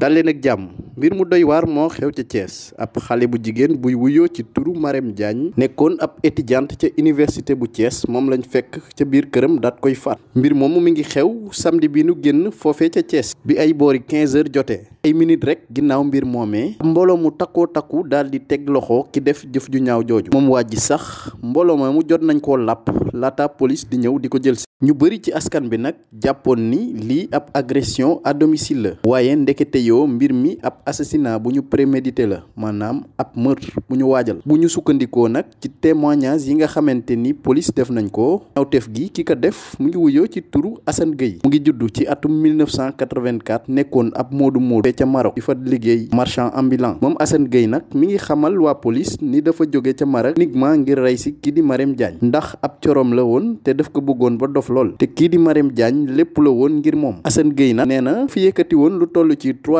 dal leen ak jàmm mbir mu doy waar moo xew ca Thiès ab xale bu jigéen buy wuyoo ci turu Marème Diagne nekkoon ab étijant ca université bu cees moom lañ fekk ca biir këram daat koy faat mbir moomu mi ngi xew samedi bi nu génn foofee ca Thiès bi ay boori 15 heures jotee ay minutes rek ginnaaw mbir moomee mbooloo mu takkoo takku daal di teg loxo ki def jëf ju ñaaw jooju moom waa ji sax mbooloo mu jot nañ koo làpp laata polis di ñëw di ko jël si ñu bëri ci askan bi nag jàppoon ni lii ab agression à la vidéo mbir mi ab assassinat bu ñu prémédité la maanaam ab meurtre bu ñu waajal bu ñu sukkandikoo nag ci témoignage yi nga xamante ni police def nañ ko ñawteef gi ki ko def mu ngi wuyoo ci turu Assane Gueye mu ngi juddu ci atum 1984 nekkoon ab moodu moodu fee ca Maroc di fa liggéey marchand ambulant moom Assane Gueye nag mi ngi xamal waa police ni dafa jóge ca Maroc uniquement ngir rey si kii di Marème jaañ ndax ab corom la woon te daf ko bëggoon ba dof lool te kii di Marème Diagne lépp la ngir moom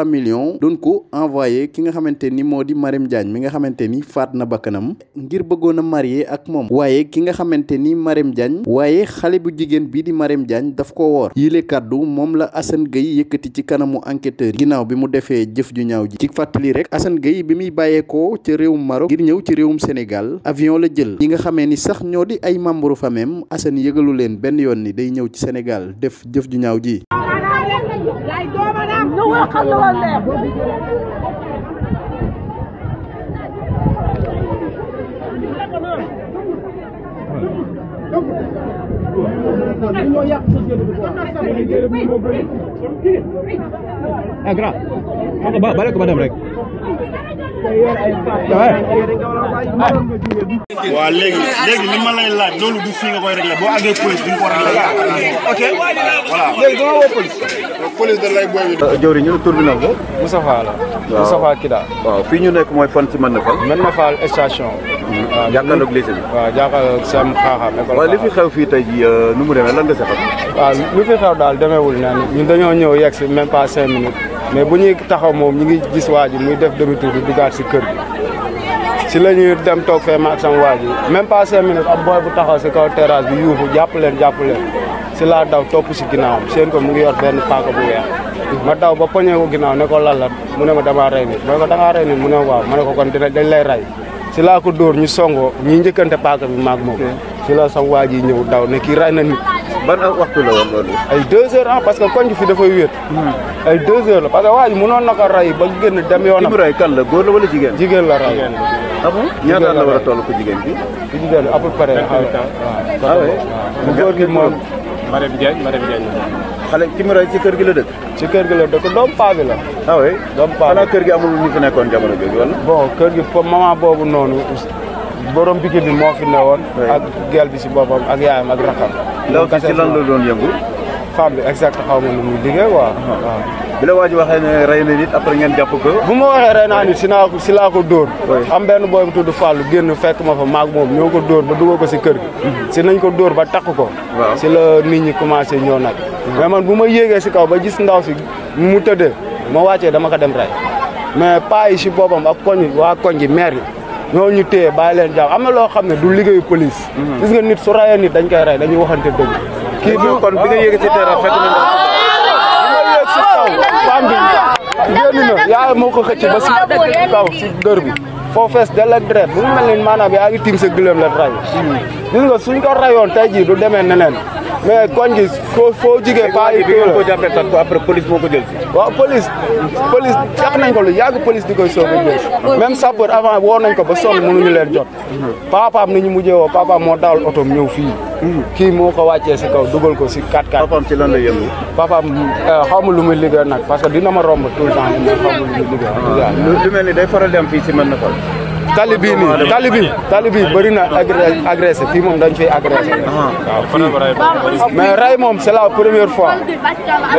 million millions envoyé ki nga xamante ni moo di Marème Diagne mi nga xamante ni faat na bakkanam ngir bëggoon a marié ak moom waaye ki nga xamante ni Marème Diagne waaye xale bu jigéen bii di Marème Diagne daf ko woor yile kàddu moom la Assane Gueye yëkkati ci kanamu enquêteur ginnaaw bi mu defee jëf ju ñaaw ji ci fàttali rek Assane Gueye bi muy bàyyeekoo ca réewum Maroc ngir ñëw ci réewum Sénégal avion la jël ñi nga xamee ni sax ñoo di ay membre famem Assane yëgalu leen benn yoon ni day ñëw ci Sénégal def jëf ju ñaaw ji waxal lu la neex ñoo yàq société bi Eh, gerak. Kau kebal, balik kepada mereka. waaw léegi ma lay laaj loolu du fii nga koy réglé boo àggee police bi nga ñu ne tur bi nag la. Moustapha la. waaw ñu nekk mooy fan ci mën na fal. mën na fal station. waaw jàkkaarloog lycée bi. waaw xaaxaam école. fi xew fii tey jii nu mu demee lan nga seqal. waaw fi xew daal demeewul naan ñun dañoo ñëw yegg si même minutes mais bu ñuy taxaw moom ñu ngi gis waa ji muy def demi tour di dugaat si kër gi si la ñuy dem toog fee ma ak sama waa ji même pas cinq minutes ab taxaw si kaw terrasse bi yuuxu jàpp leen jàpp leen si la daw topp si ginnaawam seen ko mu ngi yor benn paaka bu weex ma daw ba poñee ko ginnaaw ne ko lan mu ne ma damaa rey nit ma ne ko rey nit mu ne waaw ma ne ko kon dañ lay rey si laa ko dóor ñi songoo ñi njëkkante paaka bi maag moom si la sama waa ji ñëw daw ne kii rey na ban waxtu la woon loolu. ay deux heures ah parce que koñ fi dafay wéet. Hmm. ay deux heures la parce que waa ji mënoon na ko rey ba génn dem yoonam. ray kan la góor la wala jigéen. jigéen la rey jigéen la. amul ah ñaata la war a toll ku jigéen bi. ku jigéen bi à peu près. Ah, waaw ah waaw góor gi moom. Marème Diagne Marème Diagne xale kër gi la dëkk. ci kër gi la dëkk doom paa bi la. ah oui doom paa bi xanaa kër gi amul ñu fi nekkoon jamono jooju wala. bon kër gi maman boobu noonu. borom Pikine bi moo fi newoon. ak gel bi si boppam ak yaayam ak rakam. loolu kese ci lan la doon yëngu. femme bi exact xaw ma lu muy liggéey waaw. Ah. waaw la waa ji waxee ne rey na nit après ngeen jàpp ko. bu ma waxee rey naa nit si naa ko si laa ko dóor. am benn booy bu tudd Fallou génn fekk ma fa maag moom ñoo ko dóor ba dugal ko si kër gi. Mhm. si nañ ko dóor ba takk ko. si la nit ñi commencé ñëw nag. Mhm. mais man bu ma yéegee si kaw ba gis ndaw si mu tëddee. ma wàccee dama ko dem rey. mais paa si boppam ak koñ waa koñ ji maire yi. ñoo ñu téye bàyyi leen jàmm am na loo xam ne du liggéeyu police. Mhm. gis nga nit su rayee nit dañ koy rey dañuy waxante dëgg. kii bi kon bi nga yéeg si terrain fekk nañ moo ko xëcc ba si kaw si dër bi. foo fees dell ak deret bu mel ni maanaam yaa ngi tiim sa gëlëm la ray mhm. gis nga rayoon tey jii du demee neneen. mais koñ gi ko foo jigee paa yi ko jàppee tàkk après police moo ko jël si waaw police police yàq nañ ko lu yàgg police di ko soog a jël même sapeur avant woor nañ ko ba sonn mënuñu leen jot papaam ni ñu mujjee woo papaam moo daal otoom ñëw fii kii moo ko wàccee si kaw dugal ko si 4 4 papaam ci lan la yëngu euh, xaw ma lu muy liggéey nag parce que dina ma romb tout le temps xaw ma lu muy liggéey ah. lu mel ni day faral di am fii si mën na ko tali bii nii tali bii tali bii bëri na agressé fii moom dañ fiy agressé. Ah, waaw mais ray moom c'est la première fois.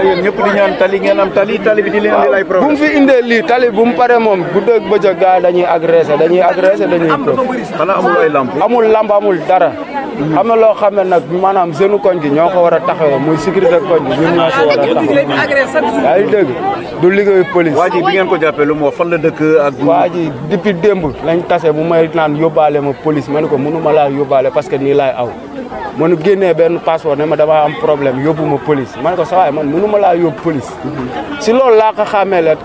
léegi di ñaan tali ngeen am tali tali bi di leen di lay problème. bu mu fi indee lii tali bu mu paree moom guddeeg bëccëg gaa dañuy agressé dañuy agressé dañuy toog. xanaa amul ay lamb. amul lamb amul dara. Mm-hmm. am na loo xam ne nag maanaam jeune koñ bi ñoo ko war a taxawoo muy sécurité koñ bi ñun ñoo si war a taxawoo. yaa ngi dégg du liggéeyu police. waa ji bi ngeen ko jàppee lu mu wax fan la dëkk ak. waa ji depuis démb buñ tasee mu may naan yóbbaale ma police ma ne ko mënu ma laa yóbbaale parce que nii laay aw mënu génnee benn passeport ne ma damaa am problème yóbbu ma police ma ne ko sawaay man mënu ma laa yóbbu police si loolu laa ko xàmmee leen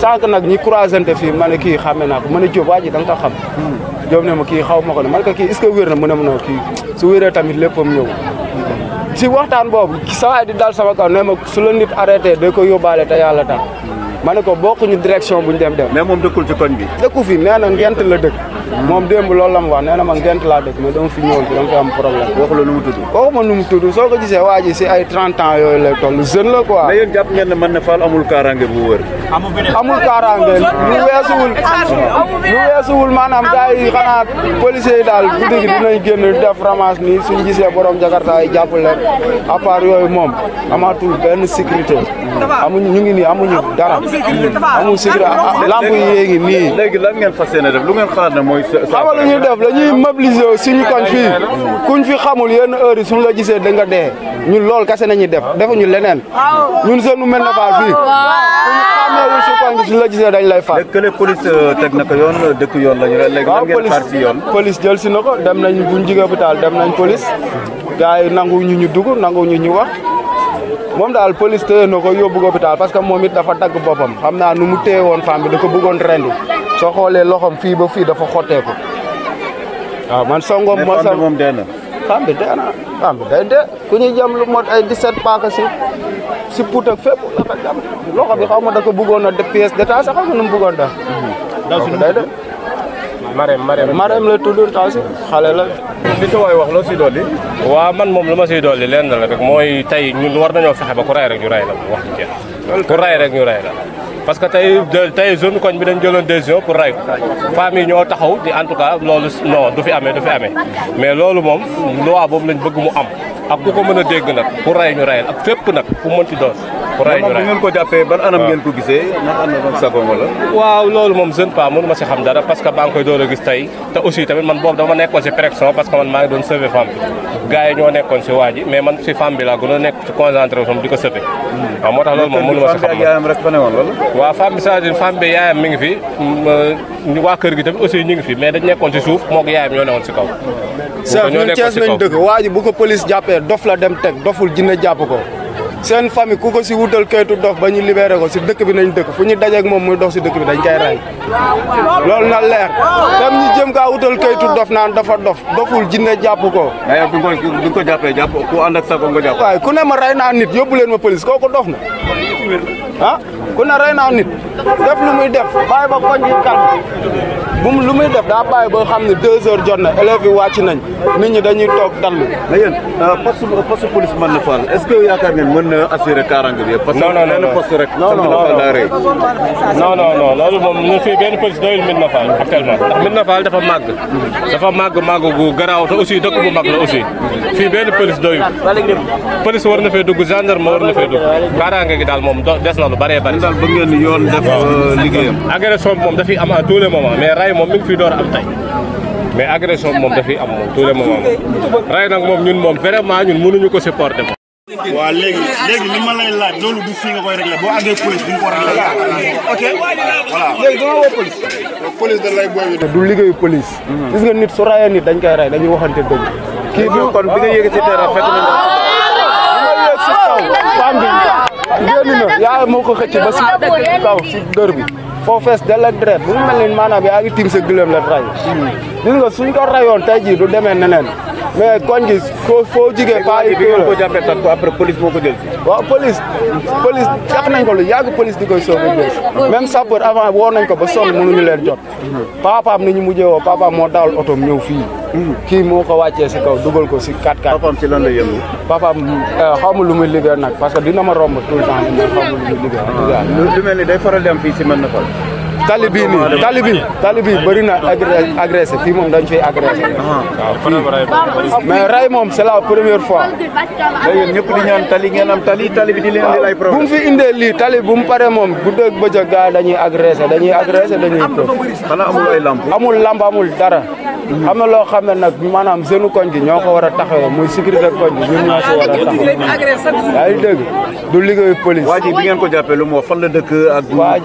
sànq nag ñi croisante fi ma ne kii xàmmee naa ko ma ne Diop waa ji da nga ko xam hmm. Diop ne ma kii xaw ma ko ne ma kii est-ce que wér na mu ne ma non kii su wéree tamit léppam ñëw si waxtaan boobu sawaay di dal sama kaw ne ma su la nit arrêté ko yóbbaale te yàlla tax ma ne ko bokkuñu direction bu ñu dem dem. mais moom dëkkul ci koñ bi. dëkku fi nee na ngent la dëkk. moom démb loolu la mu wax nee na ma ngent laa dëkk mais dama fi ñëwoon fi dama fi am problème. waxu la nu mu tudd. waxu ma nu mu tudd soo ko gisee waa ji si ay 30 ans yooyu lay toll jeune la quoi. mais yéen jàpp ngeen man na Fall amul kaaraange bu wër. amul kaaraange lu weesuwul. lu weesuwul maanaam gars yi xanaa policiers yi daal guddi gi dinañ génn def ramasse nii suñ gisee borom jakarta yi jàpp leen à part yooyu moom amaatul benn sécurité amuñu ñu ngi nii amuñu dara. amul secret lamp yi yéegi nii. léegi lan ngeen fas yéene def lu ngeen xalaat ne mooy. xamal lu ñuy def dañuy ah. mobiliser suñu koñ fii kuñ fi xamul yenn heure yi la gisee da nga dee ñun loolu kese nañuy def defuñu leneen ñun seen nu mel na faal fii. neewul si euh, euh, la gisee dañ yoon dëkk yoon lañu léegi lan ngeen xaar si yoon police jël si na ko dem nañ buñ jigéen bu taal dem nañ police gars nangu ñu ñu dugg nangu ñu ñu wax moom daal police téye na ko yóbbu hôpital parce que moom it dafa dagg boppam xam naa nu mu téye woon femme bi da ko bëggoon rendi soo xoolee loxoom fii ba fii dafa xotteeku waaw man songoom ma sa moom dee na bi dee na femme bi day ku ñuy jam lu mot ay 17 paaka si si puut ak fépp jam loxo bi xaw ma da ko bëggoon a def pièce d'état sax ma nu mu bëggoon def. daw si nu day la tudd taw si xale la. li si waay wax loo siy dolli. waaw man moom lu ma siy leen na la rek mooy tey ñun war nañoo fexe ba ku ray rek ñu ray la wax ci parce que tey tey zone koñ bi dañ jëloon décision pour ray ko famille ñoo taxaw di en tout cas loolu non du fi amee du fi amee mais loolu moom loi boobu lañ bëgg mu am ak ku ko mën a dégg nag ku ray ñu rayal ak fépp nag ku mënti doon. ray ñu ray ngeen waaw loolu moom jeune pas mënu ma si xam dara parce que baa ngi koy a gis tey te aussi tamit man boobu dama nekkoon si pression parce que man maa ngi doon sauver femme bi gars ñoo nekkoon si waa ji man si femme bi laa gën a nekk ci concentré fam di ko moo tax loolu moom mënu ma si xam yaayam rek fa newoon wala waaw bi cest à bi yaayam mi ngi fi mm, euh, waa kër gi tamit aussi ñu ngi fi mais dañ nekkoon si suuf moog yaayam ñoo newoon si kaw Seex ñun Cees nañ seen famille ku ko si wutal kayitu dof ba ñu libéré ko si dëkk bi nañ dëkk fu ñu dajeek moom muy dox si dëkk bi dañ koy rey loolu na leer dem ñu jëm kaa wutal kayitu dof naan dafa dof doful jinne jàpp ko bi nga ko jàppee jàpp ku ànd ak sa ko nga jàpp waaye ku ne ma rey naa nit yóbbu leen ma police kooku dof na ah ku ne rey naa nit def lu muy def bàyyi ba koñ yi calme bu mu lu muy def daa bàyyi ba xam ne deux heures jot na élèves yi wàcc nañ nit ñi dañuy toog dallu. mais yéen euh, poste poste police mën na faal est-ce que yaakaar ngeen mën na assurer kaaraange bi yëpp. parce que benn poste rek. non non non non non loolu moom ñu fii benn police doyul Médina Fall dafa màgg. dafa màgg màgg gu garaaw te aussi dëkk bu mag la aussi fii benn police doyul. police war na fee dugg gendarme war na fee kaaraange gi daal moom. moom des na lu bëree bëri. daal bëgg ngeen ni yoon def euh, liggéeyam. agression bi moom dafiy am à tous les moments mais ray moom mi ngi fi door am tey mais agression bi moom dafiy am moom tous les moments moom ray nag moom ñun moom vraiment ñun mënuñu ko supporter moom. waaw léegi léegi li ma lay laaj loolu du fii nga koy réglé boo àggee police bi nga ko réglé. ok voilà léegi dama woo police. police dañ lay booy du liggéeyu police. Mm-hmm. gis nga nit su raayee nit dañ koy ray dañuy waxante dëgg. kii bi kon bi nga yëg ci terrain fekk nañ ubbi na yaay moo ko xëcc ba si kaw si dër bi foo fees dell ak deret bu mel ni maanaam yaa ngi tiim sa gëlëm la ray gis nga suñ ko rayoon tey jii du demee neneen mais koñ gi foo foo jigee paa yi tuur ko jàppee takk après police moo ko jël si waaw police police yàq nañ ko lu yàgg police di koy soog a jël même sapeur avant woo nañ ko ba sonn mënuñu leen jot papaam ni ñu mujjee woo papaam moo daal otoom ñëw fii kii moo ko wàccee si kaw dugal ko si 4-4. papaam ci lan la yëngu. papaam euh, xaw ma lu muy liggéey nag parce que dina ma romb tout le temps xaw ma lu muy liggéey. lu ni day faral di fii si mën na fa. tali bii nii tali bii tali bii bëri na agressé fii moom dañ fiy agressé. Ah, waaw mais ray moom c'est la première ñëpp di ñaan tali ngeen tali tali bi di leen indil ay problème. bu mu fi indee lii tali bu mu paree moom guddeeg bëccëg gaa dañuy agressé dañuy agressé dañuy tëb. amul ay amul lamp amul dara. Mhm. am na loo xam ne nag maanaam jeune koñ bi ñoo ko war a taxawoo muy sécurité koñ bi ñun ñoo si war a taxawoo. yaa du liggéeyu police. waa ji bi ngeen ko jàppee lu mu wax dëkk ak. waa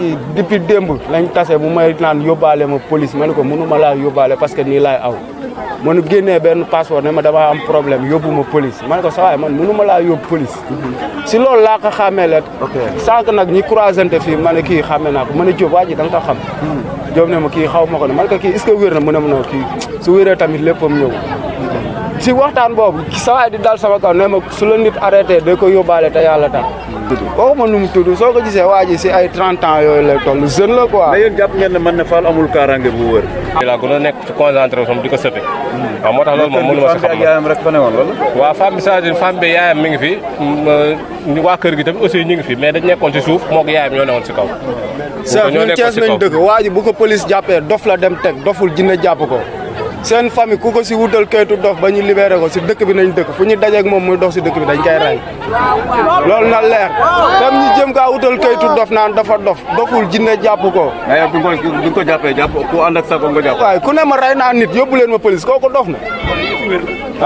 lañ buñ tasee mu may naan yóbbaale ma police ma ne ko mënu ma laa yóbbaale parce que nii laay aw mënu génnee benn passeport ne ma dama am problème yóbbu ma police ma ne ko sawaay man mënu ma laa yóbbu police si loolu laa ko xàmmee la sànq nag ñi croisante fi ma ne kii xàmmee naa ko ma ne Diop waa ji da nga ko xam hmm. Diop ne ma kii xaw ma ko ne ma ne ko kii est-ce que wér na mu ne ma non kii su wéree tamit léppam ñëw si waxtaan boobu sawaay di dal sama kaw ne ma su la nit arrêté da ko yóbbaale te yàlla tax tudd. waxuma nu mu tudd soo ko gisee waa si ay trente ans yooyu lay toll la quoi. mais yéen jàpp ngeen ne mën na Fall amul kaaraange bu wër. la gën nekk ci concentration di ko sëte. Hmm. waaw moo tax loolu moom mënu ma si xam. ak yaayam rek bi c'est-à-dire yaayam mi ngi fi hmm, euh, waa kër gi tamit aussi ñu ngi fi mais dañ nekkoon si suuf moog yaayam ñoo newoon si kaw. ñoo nekkoon si kaw Seex ñun Cees nañ dëkk waa bu ko police jàppee dof la dem teg doful jinne jàpp ko seen famille ku ko si wutal kayitu dof ba ñu libéré ko si dëkk bi nañ dëkk fu ñu dajeek moom muy dox si dëkk bi dañ koy rey loolu na leer tam ñu jëm kaa wutal kayitu dof naan dafa dof doful jinne jàpp ko du ko jàppee jàpp ku ànd ak sa ko nga jàpp waaye ku ne ma rey naa nit yóbbu leen ma police kooku dof na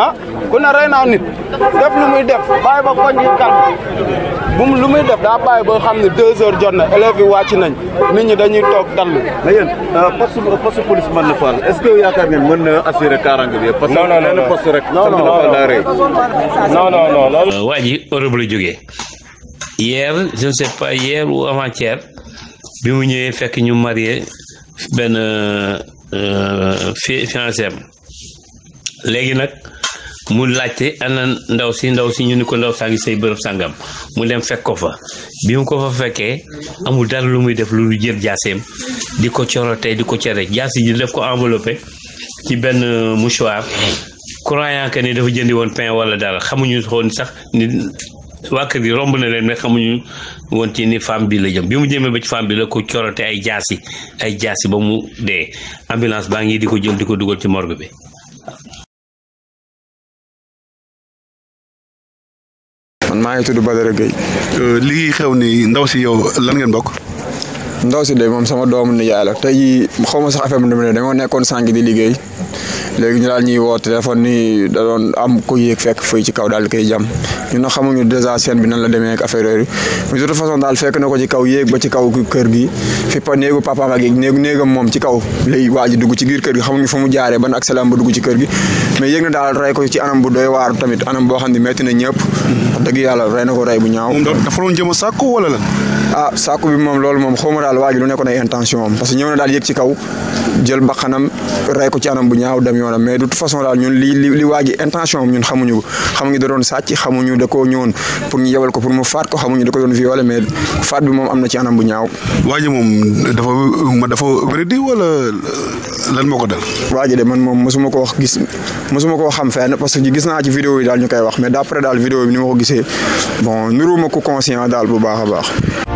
ah ku ne rey naa nit def lu muy def bàyyi ba koñ yi tànn bu mu lu muy def daa bàyyi ba xam ne deux heures jot na élèves yi wàcc nañ nit ñi dañuy toog dallu mais yéen euh, poste poste police mën na faal est-ce que yaakaar ngeen mën na a assuré kaaraange bi parce que non waa ji Europe la jóge hier je ne sais pas hier ou avant bi mu ñëwee fekk ñu marié benn euh, fiancé am léegi nag mu laajte ana ndaw si ndaw si ñu ni ko ndaw saa ngi bërëb sàngam mu dem fekk ko fa bi mu ko fa fekkee amul dara lu muy def lu lu jël jaaseem di ko corotee di ko cere jaasi ji def ko enveloppé ci benn euh, mouchoir croyant que ni dafa jëndi woon pain wala daal xamuñu woon sax ni waa gi romb na leen mais xamuñu woon ci ni femme bi la jëm bi mu jëmee ba ci femme bi la ko corote ay jaasi ay jaasi ba mu dee ambulance baa ngi di ko jël di ko dugal ci morgue bi. man maa ngi tudd Badara Gueye. Euh, li xew ni ndaw si yow lan ngeen bokk. ndaw si de moom sama doomu nijaay la te jii xaw ma sax affaire bi demee dañoo nekkoon sànq di liggéey léegi ñu daal ñuy woo téléphone ni da doon am ku yéeg fekk fëy ci kaw daal di jam ñun na xamuñu dèjà seen bi nan la demee ak affaire yooyu mais de toute façon daal fekk na ko ci kaw yéeg ba ci kaw kër gi fi pa néegu papaam ak néegu ci kaw lay waa ji dugg mu jaaree ba dugg ci kër gi mais yéeg na daal ne métti na ñëpp wax dëgg yàlla rey na ko bu ñaaw dafa doon a sàkku wala la ah, moom loolu moom xawma daal waa ji lu nekkoon ay intention am parce que ñëw na daal yéeg ci kaw jël bakkanam rey ko ci anam bu ñaaw dem yoonam mais de toute façon daal ñun li li li waa ji intention am ñun xamuñu ko xamuñu da doon sàcc xamuñu da koo ñëwoon pour ñu yebal ko pour mu faat ko xamuñu da ko doon violer mais faat bi moom am na ci anam bu ñaaw. waa ji moom dafa ma dafa wéradi wala lan moo ko dal. waa ji de man moom mosuma ko wax gis mosuma ko xam fenn parce que gis naa ci vidéo yi daal ñu koy wax mais d'après daal vidéo bi ni ma ko gisee bon nuruma ko conscient daal bu baax a baax.